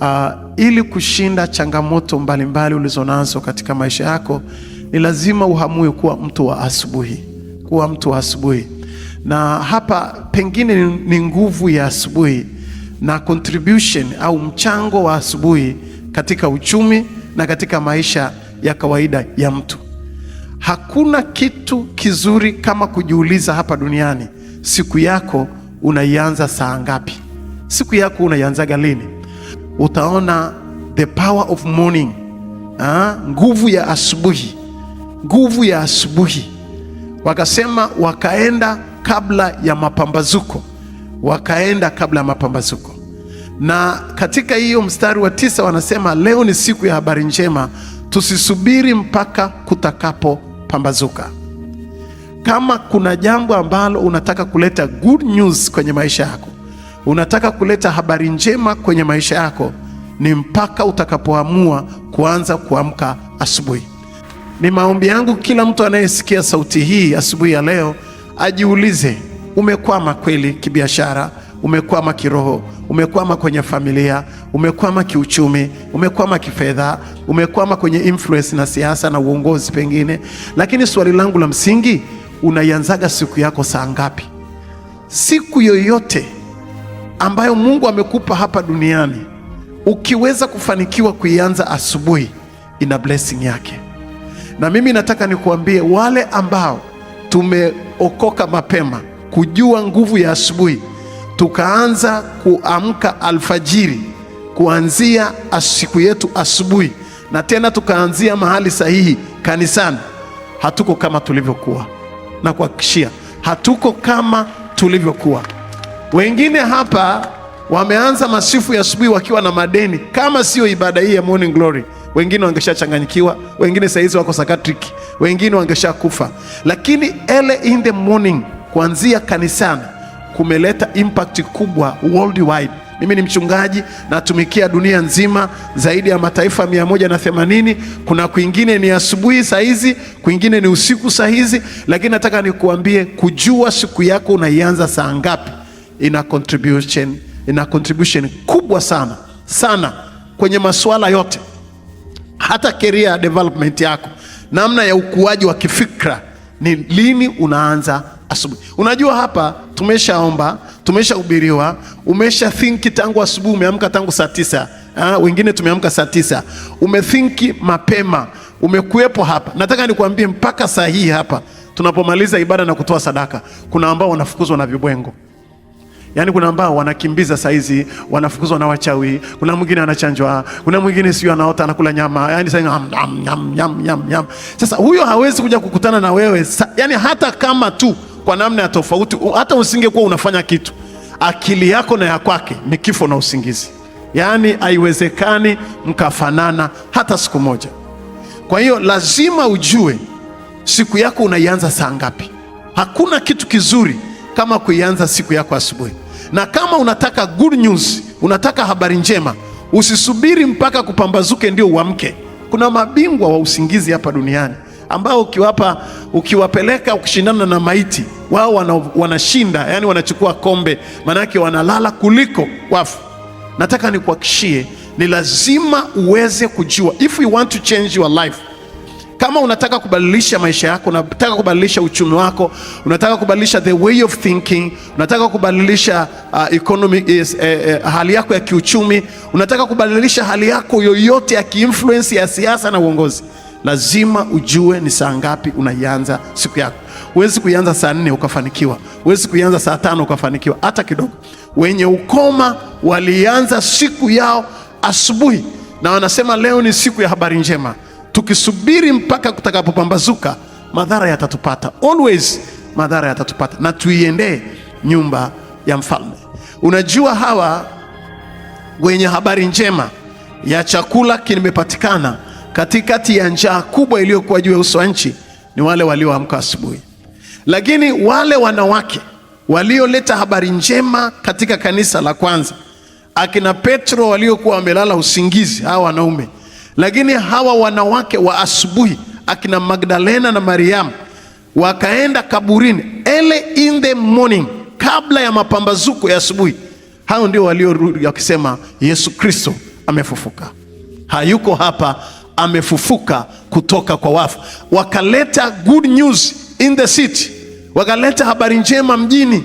Uh, ili kushinda changamoto mbalimbali ulizonazo katika maisha yako ni lazima uhamue kuwa mtu wa asubuhi, kuwa mtu wa asubuhi. Na hapa pengine ni nguvu ya asubuhi na contribution au mchango wa asubuhi katika uchumi na katika maisha ya kawaida ya mtu. Hakuna kitu kizuri kama kujiuliza hapa duniani, siku yako unaianza saa ngapi? Siku yako unaianzaga lini? utaona the power of morning ah, Nguvu ya asubuhi, nguvu ya asubuhi. Wakasema wakaenda kabla ya mapambazuko, wakaenda kabla ya mapambazuko. Na katika hiyo mstari wa tisa wanasema leo ni siku ya habari njema, tusisubiri mpaka kutakapopambazuka. Kama kuna jambo ambalo unataka kuleta good news kwenye maisha yako Unataka kuleta habari njema kwenye maisha yako, ni mpaka utakapoamua kuanza kuamka asubuhi. Ni maombi yangu kila mtu anayesikia sauti hii asubuhi ya leo ajiulize, umekwama kweli kibiashara? Umekwama kiroho? Umekwama kwenye familia? Umekwama kiuchumi? Umekwama kifedha? Umekwama kwenye influence na siasa na uongozi pengine? Lakini swali langu la msingi, unaianzaga siku yako saa ngapi? Siku yoyote ambayo Mungu amekupa hapa duniani, ukiweza kufanikiwa kuianza asubuhi, ina blessing yake. Na mimi nataka nikuambie wale ambao tumeokoka mapema kujua nguvu ya asubuhi, tukaanza kuamka alfajiri, kuanzia siku yetu asubuhi, na tena tukaanzia mahali sahihi, kanisani, hatuko kama tulivyokuwa. na kuhakikishia, hatuko kama tulivyokuwa. Wengine hapa wameanza masifu ya asubuhi wakiwa na madeni. Kama sio ibada hii ya Morning Glory, wengine wangeshachanganyikiwa, wengine sahizi wako sakatriki, wengine wangeshakufa. Lakini ele in the morning kuanzia kanisani kumeleta impact kubwa worldwide. Mimi ni mchungaji natumikia dunia nzima zaidi ya mataifa mia moja na themanini. Kuna kwingine ni asubuhi sahizi, kwingine ni usiku sahizi, lakini nataka nikuambie, kujua siku yako unaianza saa ngapi ina contribution, ina contribution kubwa sana sana kwenye masuala yote, hata career development yako, namna ya ukuaji wa kifikra. Ni lini unaanza? Asubuhi. Unajua, hapa tumeshaomba, tumeshahubiriwa, umesha think tangu asubuhi, umeamka tangu saa tisa. Ha, ah, wengine tumeamka saa tisa, umethinki mapema, umekuwepo hapa. Nataka nikuambie mpaka saa hii hapa tunapomaliza ibada na kutoa sadaka, kuna ambao wanafukuzwa na vibwengo. Yaani kuna ambao wanakimbiza saizi, wanafukuzwa na wachawi. Kuna mwingine anachanjwa, kuna mwingine sio, anaota anakula nyama, yaani sasa nyam, nyam, nyam, nyam, nyam. Sasa huyo hawezi kuja kukutana na wewe sa, yaani hata kama tu kwa namna ya tofauti, hata usingekuwa unafanya kitu, akili yako na ya kwake ni kifo na usingizi. Yaani haiwezekani mkafanana hata siku moja. Kwa hiyo lazima ujue siku yako unaianza saa ngapi. Hakuna kitu kizuri kama kuianza siku yako asubuhi. Na kama unataka good news, unataka habari njema, usisubiri mpaka kupambazuke ndio uamke. Kuna mabingwa wa usingizi hapa duniani ambao ukiwapa ukiwapeleka ukishindana na maiti wao wana, wanashinda yani wanachukua kombe, maanake wanalala kuliko wafu. Nataka nikuhakishie, ni lazima uweze kujua if you want to change your life kama unataka kubadilisha maisha yako, unataka kubadilisha uchumi wako, unataka kubadilisha the way of thinking, unataka kubadilisha uh, economy is, uh, uh, hali yako ya kiuchumi, unataka kubadilisha hali yako yoyote ya kiinfluence ya siasa na uongozi, lazima ujue ni saa ngapi unaianza siku yako. Huwezi kuianza saa nne ukafanikiwa, huwezi kuianza saa tano ukafanikiwa hata kidogo. Wenye ukoma walianza siku yao asubuhi, na wanasema leo ni siku ya habari njema tukisubiri mpaka kutakapopambazuka, madhara yatatupata, always madhara yatatupata, na tuiendee nyumba ya mfalme. Unajua, hawa wenye habari njema ya chakula kimepatikana katikati ya njaa kubwa iliyokuwa juu ya uso wa nchi ni wale walioamka asubuhi, lakini wale wanawake walioleta habari njema katika kanisa la kwanza, akina Petro waliokuwa wamelala usingizi, hawa wanaume lakini hawa wanawake wa asubuhi akina Magdalena na mariam wakaenda kaburini early in the morning, kabla ya mapambazuko ya asubuhi. Hao ndio waliorudi wakisema Yesu Kristo amefufuka, hayuko hapa, amefufuka kutoka kwa wafu. Wakaleta good news in the city, wakaleta habari njema mjini,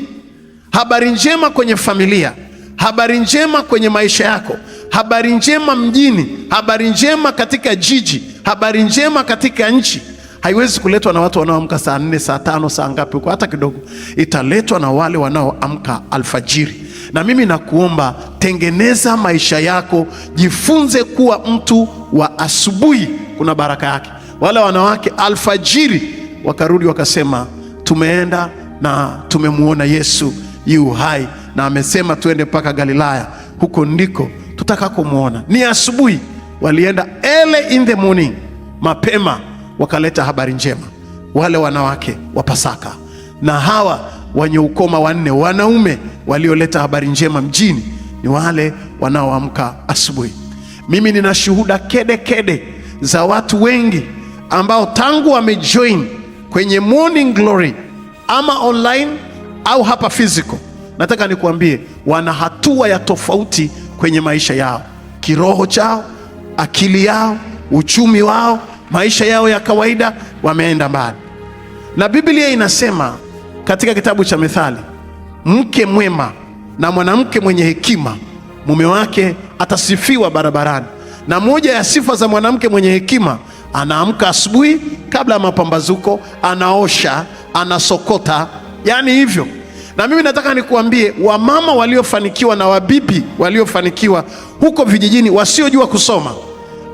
habari njema kwenye familia, habari njema kwenye maisha yako habari njema mjini, habari njema katika jiji, habari njema katika nchi haiwezi kuletwa na watu wanaoamka saa nne, saa tano, saa ngapi huko, hata kidogo. Italetwa na wale wanaoamka alfajiri. Na mimi nakuomba, tengeneza maisha yako, jifunze kuwa mtu wa asubuhi, kuna baraka yake. Wale wanawake alfajiri wakarudi wakasema, tumeenda na tumemwona Yesu yu hai na amesema tuende mpaka Galilaya, huko ndiko tutakakomwona. Ni asubuhi, walienda early in the morning, mapema wakaleta habari njema, wale wanawake wa Pasaka na hawa wenye ukoma wanne. Wanaume walioleta habari njema mjini ni wale wanaoamka asubuhi. Mimi nina shuhuda kede kede za watu wengi ambao tangu wamejoin kwenye Morning Glory ama online au hapa physical, nataka nikuambie wana hatua ya tofauti kwenye maisha yao, kiroho chao, akili yao, uchumi wao, maisha yao ya kawaida, wameenda mbali. Na Biblia inasema katika kitabu cha Methali, mke mwema na mwanamke mwenye hekima mume wake atasifiwa barabarani. Na moja ya sifa za mwanamke mwenye hekima, anaamka asubuhi kabla ya mapambazuko, anaosha, anasokota, yaani hivyo na mimi nataka nikuambie, wamama waliofanikiwa na wabibi waliofanikiwa huko vijijini, wasiojua kusoma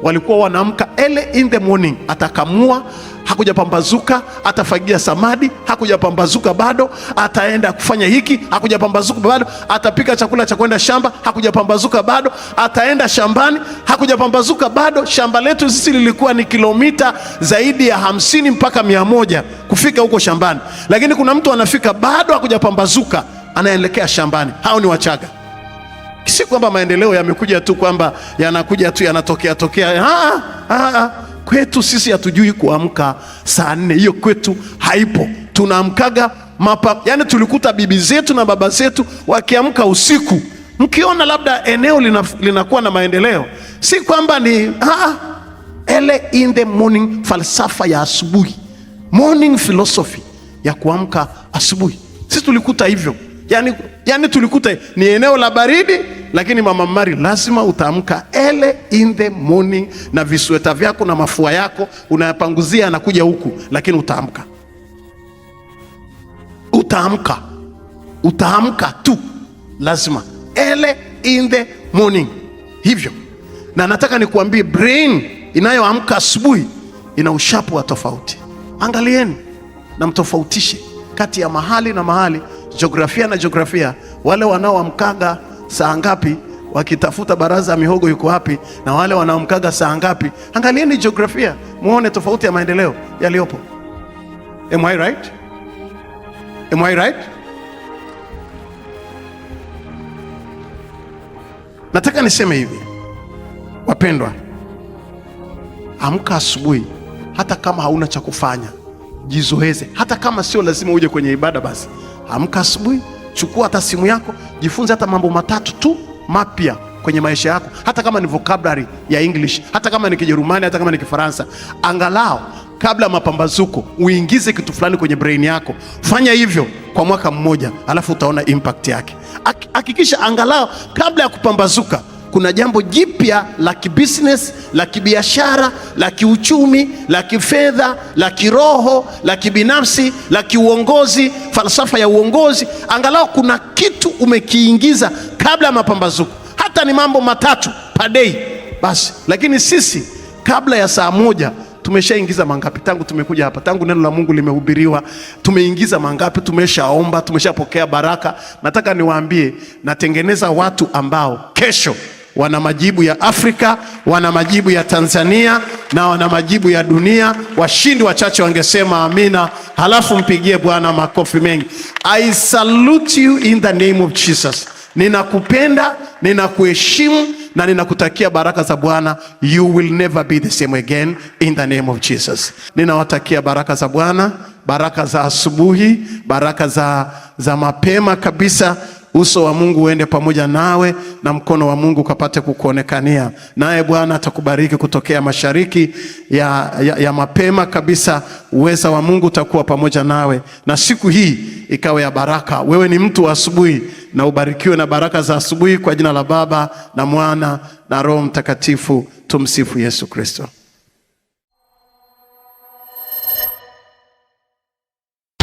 walikuwa wanaamka early in the morning, atakamua hakujapambazuka, atafagia samadi, hakujapambazuka bado, ataenda kufanya hiki, hakujapambazuka bado, atapika chakula cha kwenda shamba, hakujapambazuka bado, ataenda shambani, hakujapambazuka bado. Shamba letu sisi lilikuwa ni kilomita zaidi ya hamsini mpaka mia moja kufika huko shambani, lakini kuna mtu anafika bado hakujapambazuka, anaelekea shambani. Hao ni Wachaga. Si kwamba maendeleo yamekuja tu kwamba yanakuja tu yanatokea tokea, ha, ah, ah, ha. Ah, Kwetu sisi hatujui kuamka saa nne, hiyo kwetu haipo. Tunaamkaga mapa, yani tulikuta bibi zetu na baba zetu wakiamka usiku. Mkiona labda eneo lina, linakuwa na maendeleo, si kwamba ni haa, ele in the morning, falsafa ya asubuhi, morning philosophy ya kuamka asubuhi. Sisi tulikuta hivyo yani, yani tulikuta ni eneo la baridi lakini mama Mari lazima utaamka ele in the morning, na visweta vyako na mafua yako unayapanguzia, anakuja huku, lakini utaamka, utaamka, utaamka tu, lazima ele in the morning. Hivyo na nataka nikuambie, brain inayoamka asubuhi ina ushapu wa tofauti. Angalieni na mtofautishe kati ya mahali na mahali, jiografia na jiografia. Wale wanaoamkaga saa ngapi, wakitafuta baraza ya mihogo yuko wapi, na wale wanaomkaga saa ngapi. Angalieni jiografia muone tofauti ya maendeleo yaliyopo. Am I right? Am I right? Nataka niseme hivi, wapendwa, amka asubuhi, hata kama hauna cha kufanya, jizoeze. Hata kama sio lazima uje kwenye ibada, basi amka asubuhi Chukua hata simu yako, jifunze hata mambo matatu tu mapya kwenye maisha yako, hata kama ni vocabulary ya English, hata kama ni Kijerumani, hata kama ni Kifaransa, angalau kabla ya mapambazuko uingize kitu fulani kwenye brain yako. Fanya hivyo kwa mwaka mmoja, alafu utaona impact yake. Hakikisha angalau kabla ya kupambazuka kuna jambo jipya la kibusiness, la kibiashara, la kiuchumi, la kifedha, la kiroho, la kibinafsi, la kiuongozi, falsafa ya uongozi. Angalau kuna kitu umekiingiza kabla ya mapambazuko, hata ni mambo matatu padei basi. Lakini sisi kabla ya saa moja tumeshaingiza mangapi? Tangu tumekuja hapa, tangu neno la Mungu limehubiriwa, tumeingiza mangapi? Tumeshaomba, tumeshapokea baraka. Nataka niwaambie, natengeneza watu ambao kesho wana majibu ya Afrika, wana majibu ya Tanzania na wana majibu ya dunia. Washindi wachache wangesema amina, halafu mpigie Bwana makofi mengi. I salute you in the name of Jesus. Ninakupenda, ninakuheshimu na ninakutakia baraka za Bwana. You will never be the same again in the name of Jesus. Ninawatakia baraka za Bwana, baraka za asubuhi, baraka za, za mapema kabisa uso wa Mungu uende pamoja nawe na mkono wa Mungu ukapate kukuonekania, naye Bwana atakubariki kutokea mashariki ya, ya, ya mapema kabisa. Uweza wa Mungu utakuwa pamoja nawe, na siku hii ikawe ya baraka. Wewe ni mtu wa asubuhi, na ubarikiwe na baraka za asubuhi, kwa jina la Baba na Mwana na Roho Mtakatifu. Tumsifu Yesu Kristo.